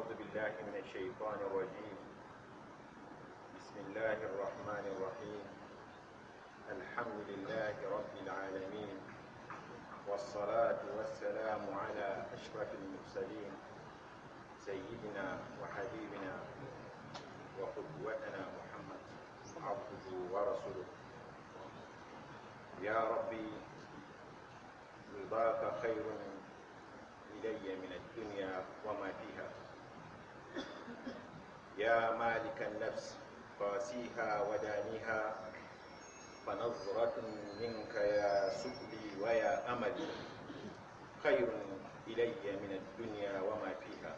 أعوذ بالله من الشيطان الرجيم بسم الله الرحمن الرحيم الحمد لله رب العالمين والصلاة والسلام على أشرف المرسلين سيدنا وحبيبنا وقدوتنا محمد عبده ورسوله يا ربي رضاك خير إلي من الدنيا وما فيها يا مالك النفس قاسيها ودانيها فنظرة منك يا سبلي ويا أملي خير إلي من الدنيا وما فيها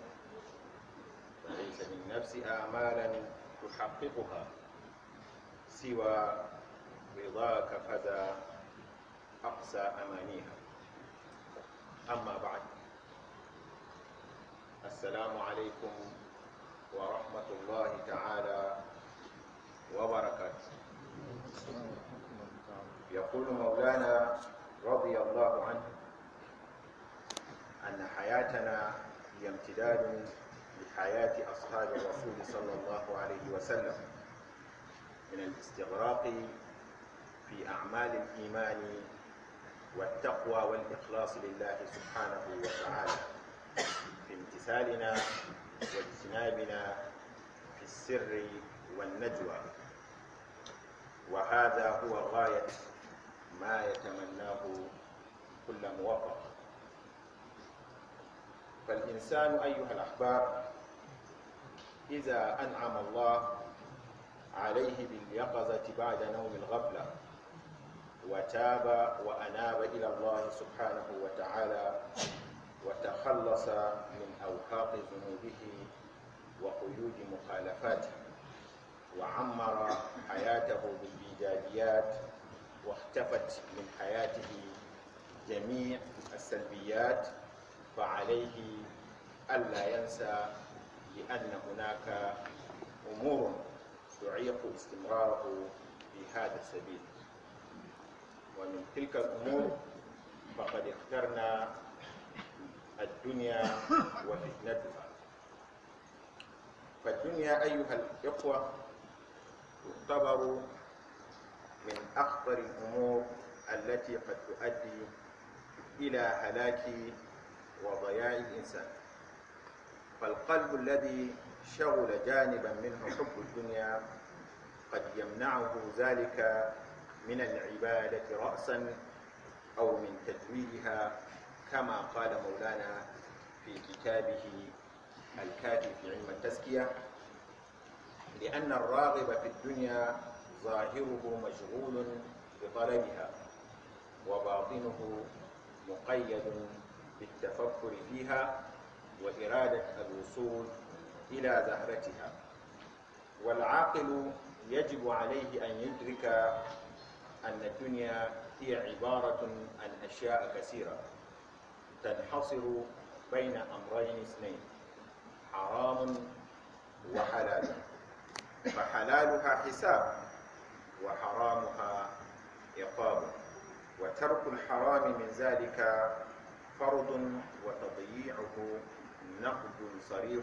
فليس من نفسي آمالا تحققها سوى رضاك فذا أقسى أمانيها أما بعد السلام عليكم ورحمة الله تعالى وبركاته يقول مولانا رضي الله عنه أن حياتنا هي امتداد لحياة أصحاب الرسول صلى الله عليه وسلم من الاستغراق في أعمال الإيمان والتقوى والإخلاص لله سبحانه وتعالى في امتثالنا واجتنابنا في السر والنجوى وهذا هو غاية ما يتمناه كل موفق فالإنسان أيها الأحباب إذا أنعم الله عليه باليقظة بعد نوم الغفلة وتاب وأناب إلى الله سبحانه وتعالى وتخلص من أوهاق ذنوبه وقيود مخالفاته وعمر حياته بالإيجابيات واختفت من حياته جميع السلبيات فعليه ألا ينسى لأن هناك أمور تعيق استمراره في هذا السبيل ومن تلك الأمور فقد اخترنا الدنيا وفتنتها فالدنيا أيها الإخوة تعتبر من أخطر الأمور التي قد تؤدي إلى هلاك وضياع الإنسان فالقلب الذي شغل جانبا منه حب الدنيا قد يمنعه ذلك من العبادة رأسا أو من تجويدها كما قال مولانا في كتابه الكافي في علم التزكية لأن الراغب في الدنيا ظاهره مشغول بطلبها وباطنه مقيد بالتفكر فيها وإرادة الوصول إلى زهرتها والعاقل يجب عليه أن يدرك أن الدنيا هي عبارة عن أشياء كثيرة تنحصر بين أمرين اثنين حرام وحلال فحلالها حساب وحرامها عقاب وترك الحرام من ذلك فرض وتضييعه نقد صريح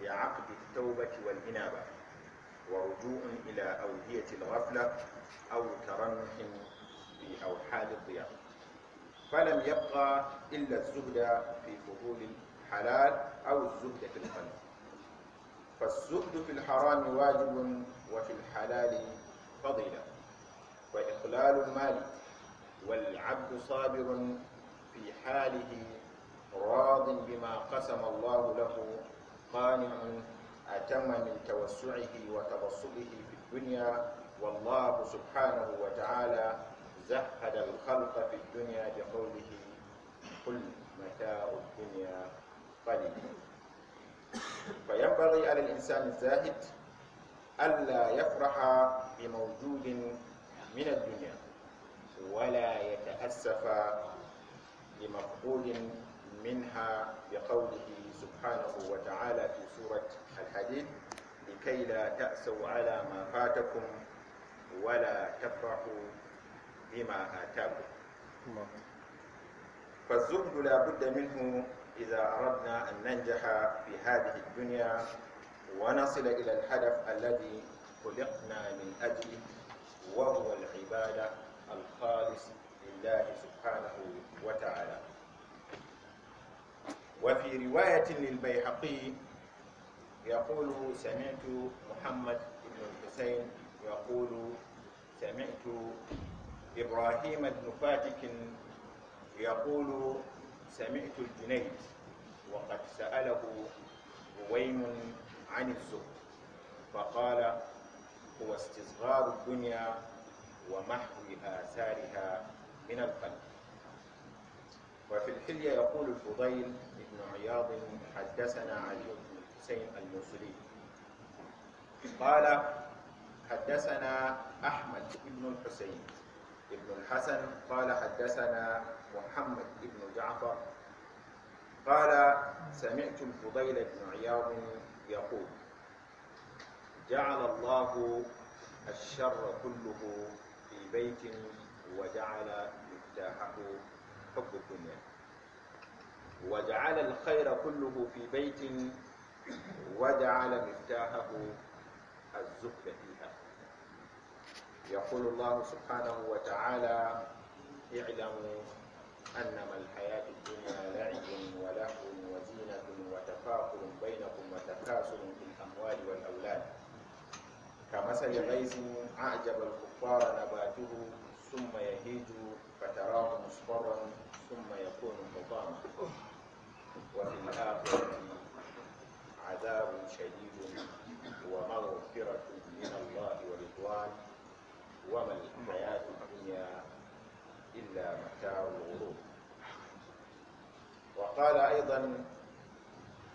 لعقد التوبة والإنابة ورجوع إلى أودية الغفلة أو ترنح في أوحال الضياع فلم يبقى إلا الزهد في فضول الحلال أو الزهد في القلب فالزهد في الحرام واجب وفي الحلال فضيلة وإقلال المال والعبد صابر في حاله راض بما قسم الله له قانع أتم من توسعه وتبسطه في الدنيا والله سبحانه وتعالى زهد الخلق في الدنيا بقوله قل متاع الدنيا قليل فينبغي على الإنسان الزاهد ألا يفرح بموجود من الدنيا ولا يتأسف لمفقود منها بقوله سبحانه وتعالى في سورة الحديد لكي لا تأسوا على ما فاتكم ولا تفرحوا بما آتاكم فالزهد لا بد منه إذا أردنا أن ننجح في هذه الدنيا ونصل إلى الهدف الذي خلقنا من أجله وهو العبادة الخالص لله سبحانه وتعالى وفي رواية للبيحقي يقول سمعت محمد بن الحسين يقول سمعت إبراهيم بن فاتك يقول سمعت الجنيد وقد سأله هويم عن الزهد فقال هو استصغار الدنيا ومحو آثارها من القلب وفي الحلية يقول الفضيل بن عياض حدثنا علي بن الحسين الموصلي قال حدثنا أحمد بن الحسين ابن الحسن قال حدثنا محمد بن جعفر قال سمعت الفضيل بن عياض يقول جعل الله الشر كله في بيت وجعل مفتاحه حب الدنيا وجعل الخير كله في بيت وجعل مفتاحه الزهد فيه يقول الله سبحانه وتعالى اعلموا أنما الحياة الدنيا لعب ولهو وزينة وتفاخر بينكم وتكاثر في الأموال والأولاد كمثل غيث أعجب الكفار نباته ثم يهيج فتراه مصفرا ثم يكون حطاما وفي الآخرة عذاب شديد ومغفرة من الله ورضوان وما الحياة الدنيا إلا متاع الغرور وقال أيضا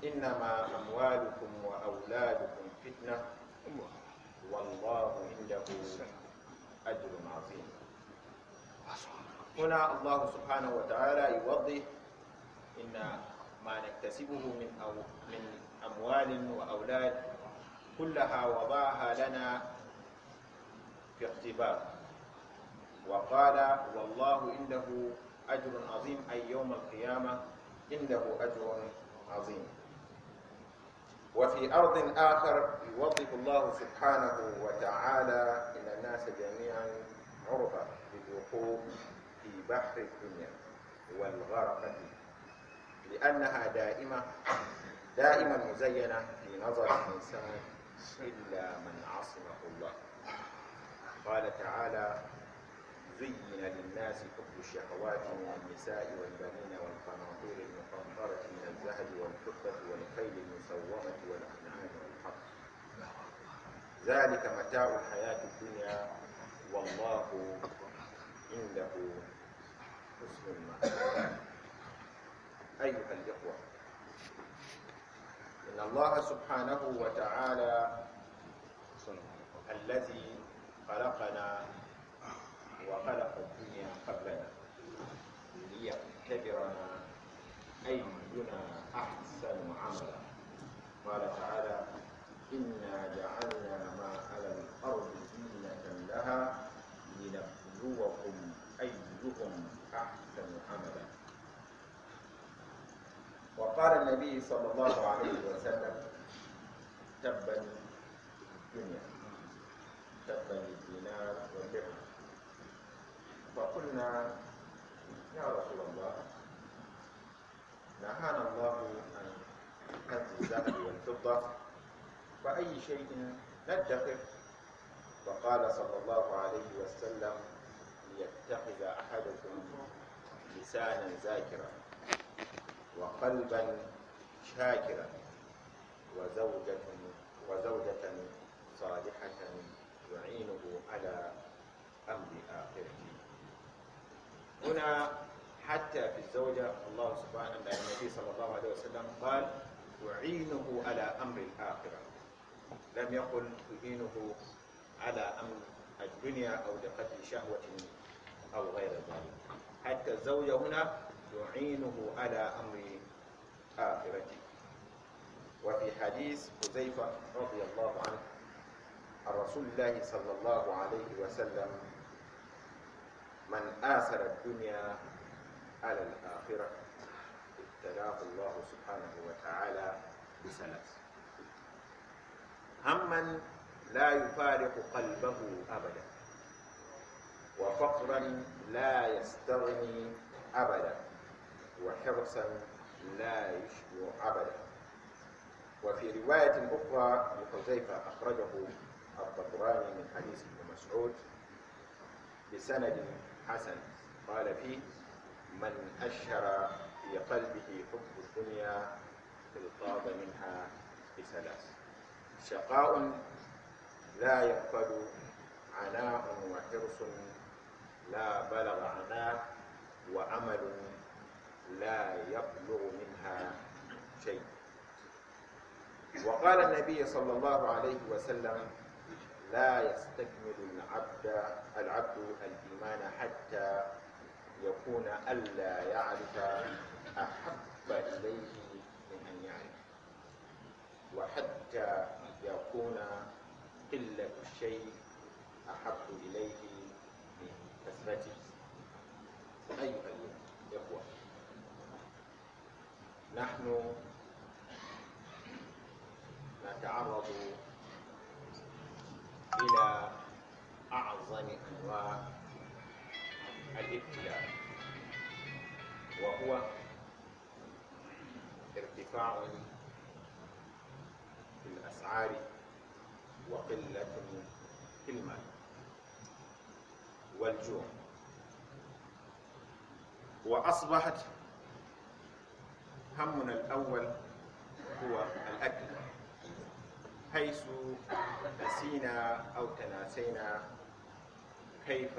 إنما أموالكم وأولادكم فتنة والله عنده أجر عظيم هنا الله سبحانه وتعالى يوضح إن ما نكتسبه من أو من أموال وأولاد كلها وضعها لنا اختبار وقال والله عنده أجر عظيم أي يوم القيامة عنده أجر عظيم وفي أرض آخر يوظف الله سبحانه وتعالى إلى الناس جميعا عرضة للوقوف في بحر الدنيا فيها لأنها دائمة دائما مزينة في نظر الإنسان إلا من عصمه الله قال تعالى زين للناس حب الشهوات من النساء والبنين والقناطير المقنطرة من الذهب والفضة والخيل المسومة والأنعام والحرث ذلك متاع الحياة الدنيا والله عنده حسن أيها الإخوة إن الله سبحانه وتعالى الذي خلقنا وخلق الدنيا قبلنا ليختبرنا أينا أحسن عملا قال تعالى إنا جعلنا ما على الأرض زينة لها لنبلوكم أيهم أحسن عملا وقال النبي صلى الله عليه وسلم تبا الدنيا تقتني الدينار والدرهم فقلنا يا رسول الله نهانا الله عن كنز الذهب والفضة فأي شيء ندخر فقال صلى الله عليه وسلم ليتخذ أحدكم لسانا ذاكرا وقلبا شاكرا وزوجة وزوجة صالحة يعينه على أمر آخرته هنا حتى في الزوجة الله سبحانه وتعالى النبي صلى الله عليه وسلم قال أعينه على أمر الآخرة لم يقل أعينه على أمر الدنيا أو لقتل شهوة أو غير ذلك حتى الزوجة هنا يعينه على أمر آخرته وفي حديث حذيفة رضي الله عنه عن رسول الله صلى الله عليه وسلم من آثر الدنيا على الآخرة ابتلاه الله سبحانه وتعالى بثلاث هما لا يفارق قلبه أبدا وفقرا لا يستغني أبدا وحرصا لا يشبع أبدا وفي رواية أخرى لحذيفة أخرجه الطبراني من حديث ابن مسعود بسند حسن قال فيه من أشهر في قلبه حب الدنيا اغتاظ منها بثلاث شقاء لا يقبل عناء وحرص لا بلغ عناء وعمل لا يبلغ منها شيء وقال النبي صلى الله عليه وسلم لا يستكمل العبد العبد الإيمان حتى يكون ألا يعرف أحب إليه من أن يعرف وحتى يكون قلة الشيء أحب إليه من كثرته أيها الإخوة نحن نتعرض إلى أعظم أنواع الابتلاء وهو ارتفاع في الأسعار وقلة في المال والجوع وأصبحت همنا الأول هو الأكل حيث نسينا أو تناسينا كيف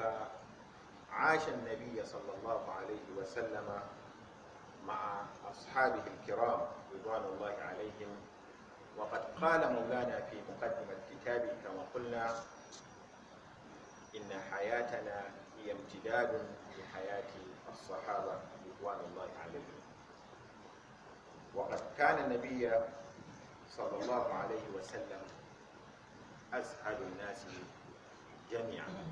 عاش النبي صلى الله عليه وسلم مع أصحابه الكرام رضوان الله عليهم وقد قال مولانا في مقدمة كتابه كما قلنا إن حياتنا هي امتداد لحياة الصحابة رضوان الله عليهم وقد كان النبي صلى الله عليه وسلم أسعد الناس جميعا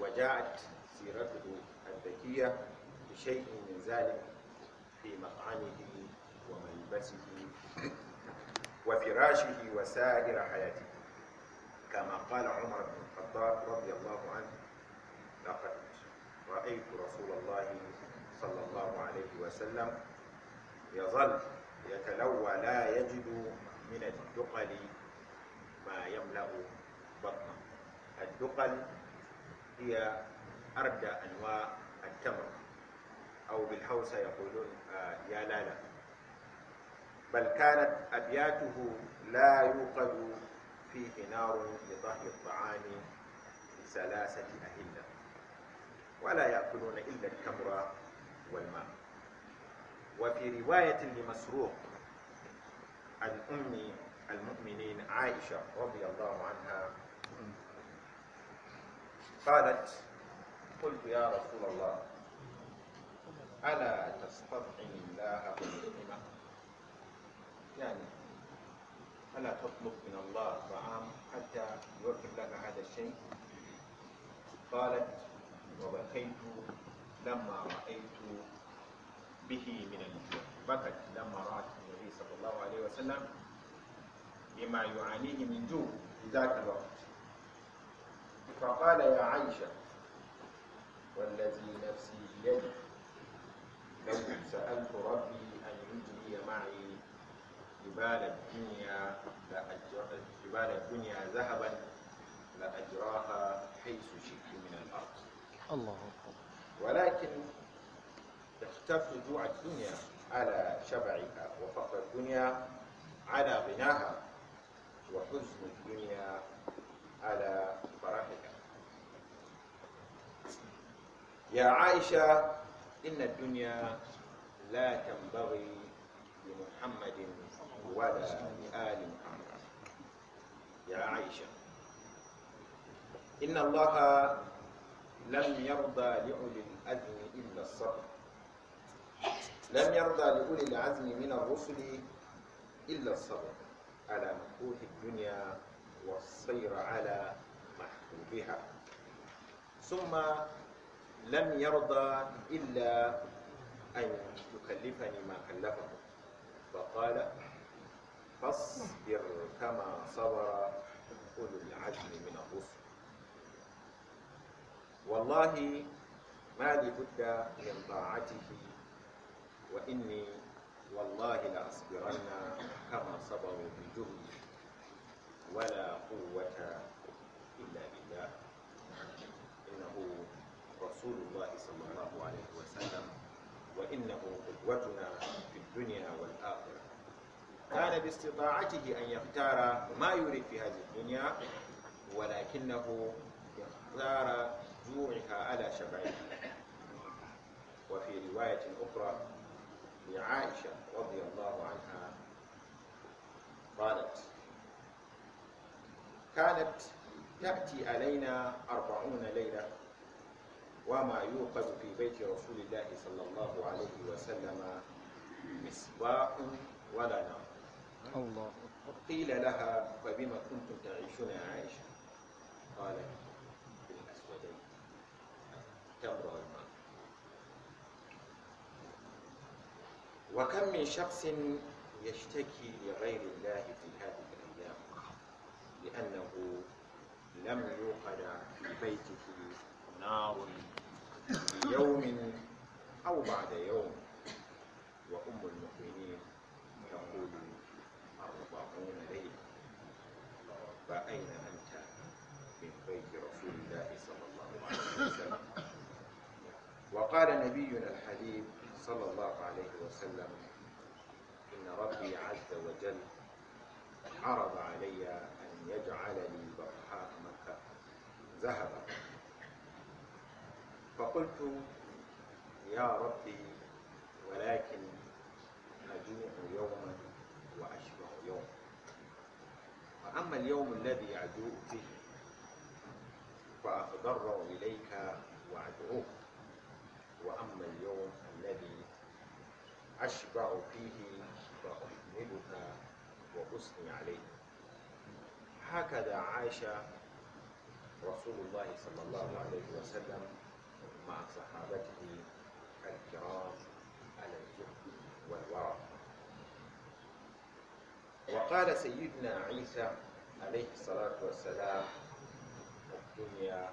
وجاءت سيرته الذكية بشيء من ذلك في مطعمه وملبسه وفراشه وسائر حياته كما قال عمر بن الخطاب رضي الله عنه لقد رأيت رسول الله صلى الله عليه وسلم يظل يتلوى لا يجد من الدقل ما يملأ بطنه الدقل هي أردى أنواع التمر أو بالحوسة يقولون آه، يا لالا بل كانت أبياته لا يوقد فيه نار لطهي الطعام بثلاثة أهلة ولا يأكلون إلا التمر والماء وفي رواية لمسروق عن أم المؤمنين عائشة رضي الله عنها قالت قلت يا رسول الله ألا تستطعم الله بالنعمة يعني ألا تطلب من الله طعام حتى يوفر لك هذا الشيء قالت وبكيت لما رأيت به من الجوع بكت لما رأت النبي صلى الله عليه وسلم بما يعانيه من جوع في ذاك الوقت فقال يا عائشة والذي نفسي بيده لو سألت ربي أن يجري معي جبال الدنيا جبال الدنيا ذهبا لأجراها حيث شئت من الأرض الله أكبر. تبدو جوع الدنيا على شبعها وفقر الدنيا على غناها وحزن الدنيا على فرحها يا عائشة إن الدنيا لا تنبغي لمحمد ولا لآل محمد يا عائشة إن الله لم يرضى لأولي الأذن إلا الصبر لم يرضى لأولي العزم من الرسل إلا الصبر على مكروه الدنيا والصير على محبوبها ثم لم يرضى إلا أن يكلفني ما كلفه فقال فاصبر كما صبر أولو العزم من الرسل والله ما لابد من طاعته وإني والله لأصبرن كما صبروا في ولا قوة إلا بالله إنه رسول الله صلى الله عليه وسلم وإنه قدوتنا في الدنيا والآخرة كان باستطاعته أن يختار ما يريد في هذه الدنيا ولكنه اختار جوعها على شبعها وفي رواية أخرى لعائشة رضي الله عنها قالت كانت تأتي علينا أربعون ليلة وما يوقظ في بيت رسول الله صلى الله عليه وسلم مصباح ولا نار الله قيل لها فبما كنتم تعيشون يا عائشة قالت بالأسودين تبرد وكم من شخص يشتكي لغير الله في هذه الأيام لأنه لم يوقد في بيته نار في يوم أو بعد يوم وأم المؤمنين تقول أربعون ليلة فأين أنت من بيت رسول الله صلى الله عليه وسلم وقال نبينا الحبيب صلى الله عليه وسلم إن ربي عز وجل عرض علي أن يجعل لي برحاء مكة ذهبا فقلت يا ربي ولكن أجوع يوما وأشبع يوما وأما اليوم الذي أجوع فيه فأتضرع إليك وأدعوك وأما اليوم الذي أشبع فيه وأحملها وأثني عليه هكذا عاش رسول الله صلى الله عليه وسلم مع صحابته الكرام على الجهد والورع وقال سيدنا عيسى عليه الصلاة والسلام الدنيا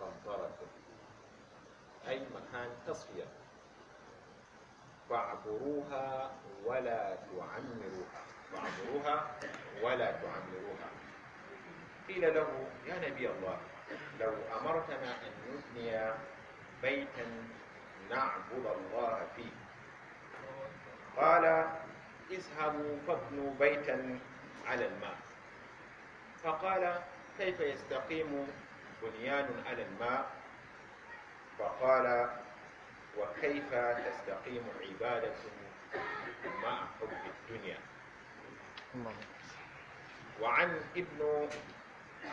قنطرة أي مكان تصفية فاعبروها ولا تعمروها فاعبروها ولا تعمروها قيل له يا نبي الله لو أمرتنا أن نبني بيتا نعبد الله فيه قال اذهبوا فابنوا بيتا على الماء فقال كيف يستقيم بنيان على الماء فقال وكيف تستقيم عبادة مع حب الدنيا وعن ابن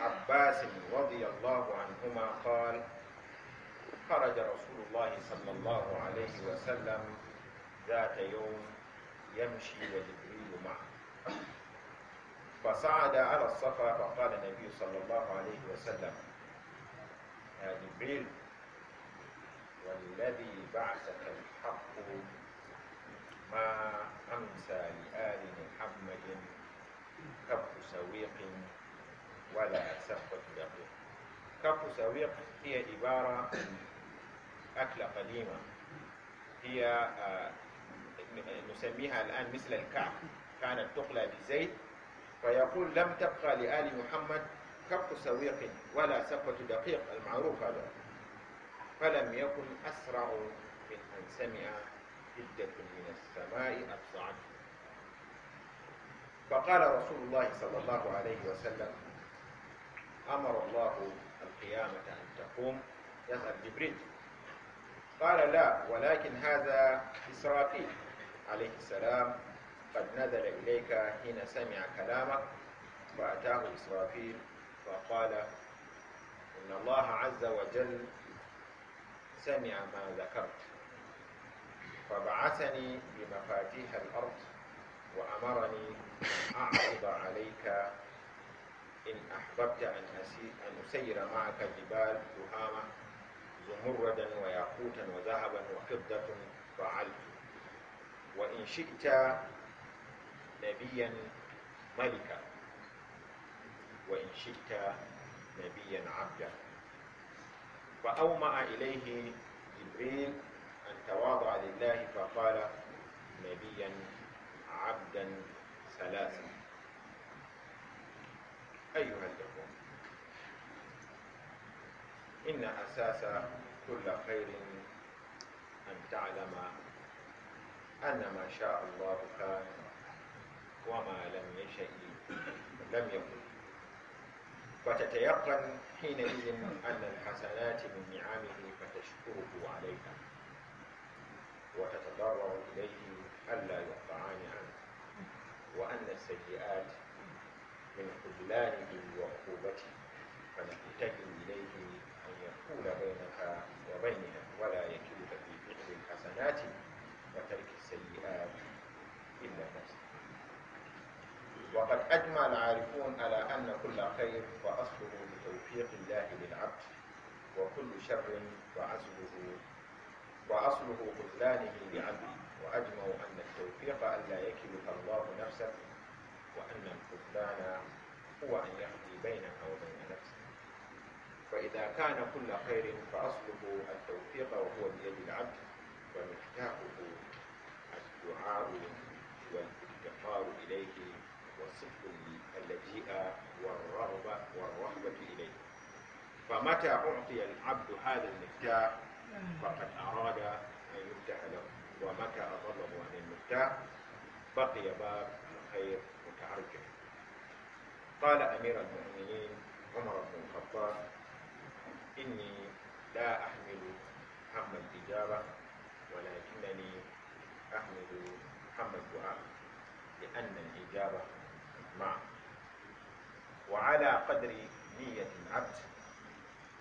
عباس رضي الله عنهما قال خرج رسول الله صلى الله عليه وسلم ذات يوم يمشي وجبريل معه فصعد على الصفا فقال النبي صلى الله عليه وسلم يا جبريل والذي بعثك الحق ما أمسى لآل محمد كف سويق ولا سفة دقيق كف سويق هي عبارة أكلة قديمة هي آه، نسميها الآن مثل الكعك كانت تقلى بزيت فيقول لم تبقى لآل محمد كف سويق ولا سفة دقيق المعروف هذا فلم يكن أسرع من أن سمع جدة من السماء أفزعته فقال رسول الله صلى الله عليه وسلم أمر الله القيامة أن تقوم يظهر جبريل قال لا ولكن هذا إسرافيل عليه السلام قد نزل إليك حين سمع كلامك فأتاه إسرافيل فقال إن الله عز وجل سمع ما ذكرت فبعثني بمفاتيح الأرض وأمرني أن أعرض عليك إن أحببت أن, أن أسير معك جبال تهامة زمردا وياقوتا وذهبا وفضة فعلت وإن شئت نبيا ملكا وإن شئت نبيا عبدا فأومع إليه جبريل أن تواضع لله فقال نبيا عبدا ثلاثا أيها الإخوة إن أساس كل خير أن تعلم أن ما شاء الله كان وما لم يشأ لم يكن فتتيقن حينئذ أن الحسنات من نعمه فتشكره عليها وتتضرع إليه ألا يقطعان عنه وأن السيئات من خذلانه وعقوبته فنحتاج إليه أن يكون بينك وبينها ولا يكلك في فعل الحسنات وترك السيئات إلا نفسك وقد أجمع العارفون على أن كل خير وأصله بتوفيق الله للعبد وكل شر وعزله وأصله خذلانه لعبده وأجمعوا أن التوفيق ألا يكلف الله نفسه وأن الخذلان هو أن يقضي بينك وبين نفسك فإذا كان كل خير فأصله التوفيق وهو بيد العبد ومفتاحه الدعاء والافتقار إليه السلبي اللجيء والرغبة والرحمة إليه فمتى أعطي العبد هذا المفتاح فقد أراد أن يفتح له ومتى أضله عن المفتاح بقي باب الخير متعرجا قال أمير المؤمنين عمر بن الخطاب إني لا أحمل هم التجارة ولكنني أحمل هم الدعاء لأن الإجابة وعلى قدر نية العبد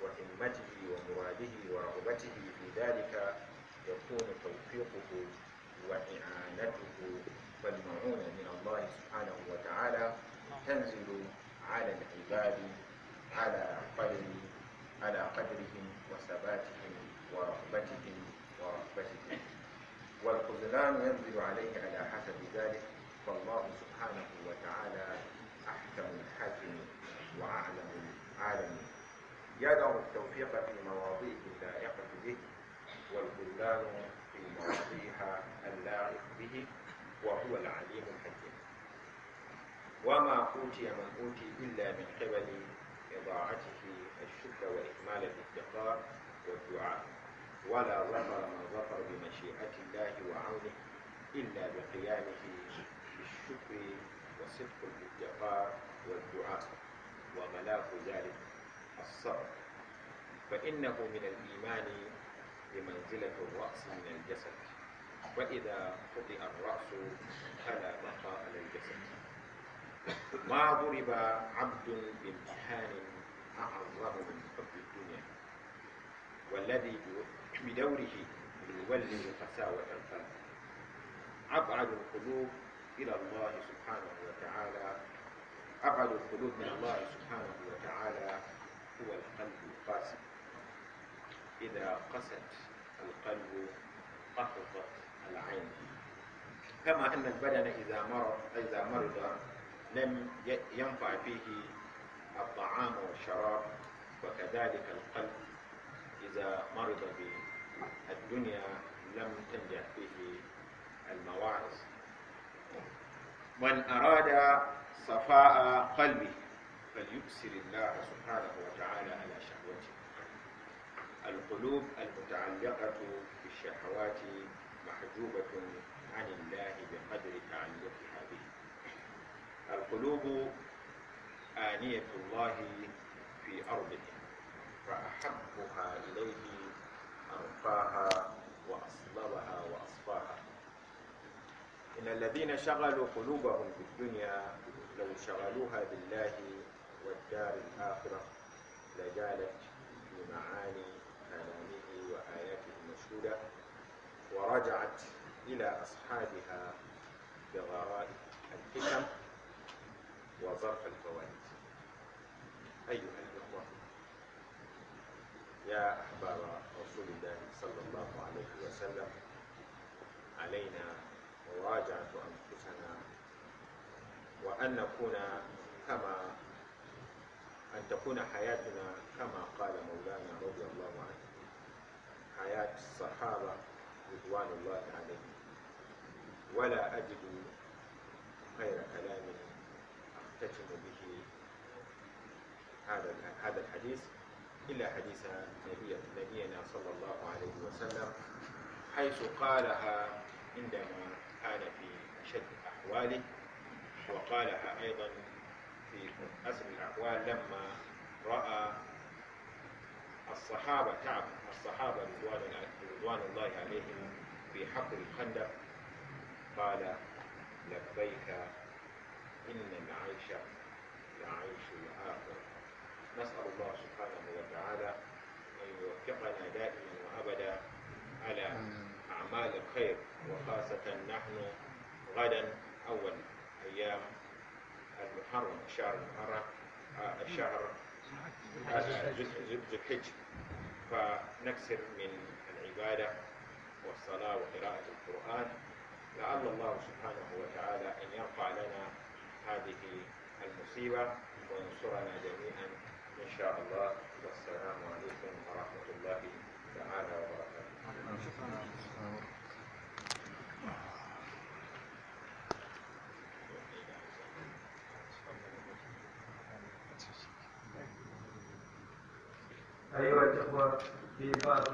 وهمته ومراده ورغبته في ذلك يكون توفيقه وإعانته فالمعونة من الله سبحانه وتعالى تنزل على العباد على قدر على قدرهم وثباتهم ورغبتهم ورغبتهم والخذلان ينزل عليه على حسب ذلك فالله سبحانه وتعالى أحكم الحاكم وأعلم العالم يدع التوفيق في مواضيه اللائقة به والبلدان في مواضيها اللائق به وهو العليم الحكيم وما أوتي من أوتي إلا من قبل إضاعته الشكر وإكمال الافتقار والدعاء ولا ظفر من ظفر بمشيئة الله وعونه إلا بقيامه الشكر وصدق الاتقاء والدعاء وملاك ذلك الصبر فإنه من الإيمان بمنزلة الرأس من الجسد فإذا خطئ الرأس فلا بقاء للجسد ما ضرب عبد بامتحان أعظم من حب الدنيا والذي بدوره يولد قساوة القلب أبعد القلوب إلى الله سبحانه وتعالى أبعد القلوب من الله سبحانه وتعالى هو القلب القاسي إذا قست القلب قفزت العين كما أن البدن إذا مرض إذا مرض لم ينفع فيه الطعام والشراب وكذلك القلب إذا مرض بالدنيا لم تنجح فيه المواعظ من أراد صفاء قلبه فليكسر الله سبحانه وتعالى على شهوته القلوب المتعلقة بالشهوات محجوبة عن الله بقدر تعلقها به القلوب آنية الله في أرضه فأحبها إليه أرقاها وأصلبها وأصفاها إن الذين شغلوا قلوبهم في الدنيا لو شغلوها بالله والدار الآخرة لجالت في معاني كلامه وآياته المشهودة ورجعت إلى أصحابها بغرائب الحكم وظرف الفوائد أيها الإخوة يا أحباب رسول الله صلى الله عليه وسلم علينا مراجعة أنفسنا وأن نكون كما أن تكون حياتنا كما قال مولانا رضي الله عنه حياة الصحابة رضوان الله عليهم ولا أجد غير كلام أختتم به هذا هذا الحديث إلا حديث نبي نبينا صلى الله عليه وسلم حيث قالها عندما كان في أشد أحواله وقالها أيضا في أسر الأحوال لما رأى الصحابة تعب الصحابة رضوان الله عليهم في حق الخندق قال لبيك إن العيش لعيش الآخرة نسأل الله سبحانه وتعالى أن يوفقنا دائما وأبدا على أعمال الخير وخاصة نحن غدا أول أيام المحرم الشهر المحرم آه، الشهر ذو الحج فنكسر من العبادة والصلاة وقراءة القرآن لعل الله سبحانه وتعالى أن يرفع لنا هذه المصيبة وينصرنا جميعا إن شاء الله والسلام عليكم ورحمة الله تعالى وبركاته أيها الإخوة في بعض